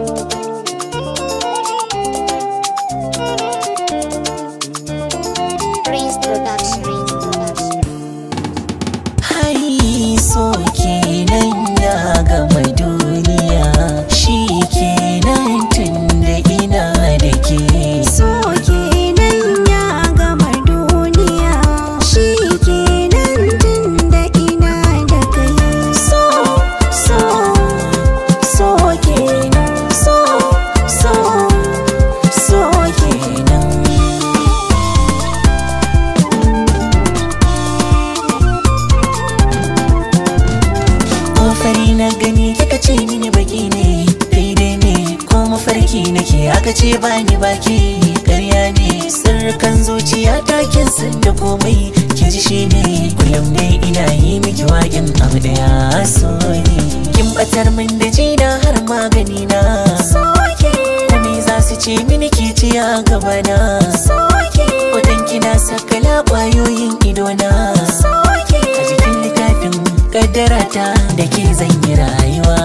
Thank you. sarki nake aka ce bani baki ƙarya ne sirrukan zuciya takin sun da komai ki ji shi ne kullum ne ina yi miki waƙin abu daya. so ne kin batar min da jina har magani na soke me za su ce mini ke ci a gaba na soke wadan kina sakala ƙwayoyin idona soke a jikin kaddara kaddarata da ke zan yi rayuwa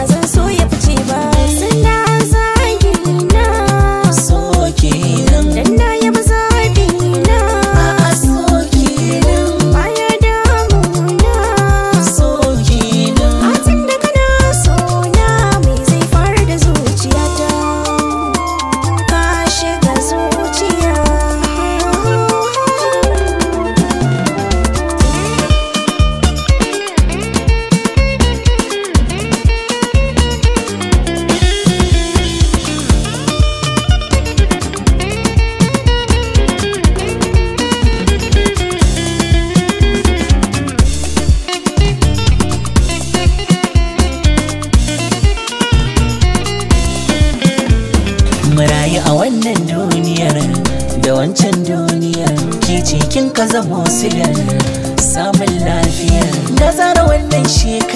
ba zan so mu rayu a wannan duniyar da wancan duniyar ke cikin ka zamo silar samun lafiya na zara wannan shekara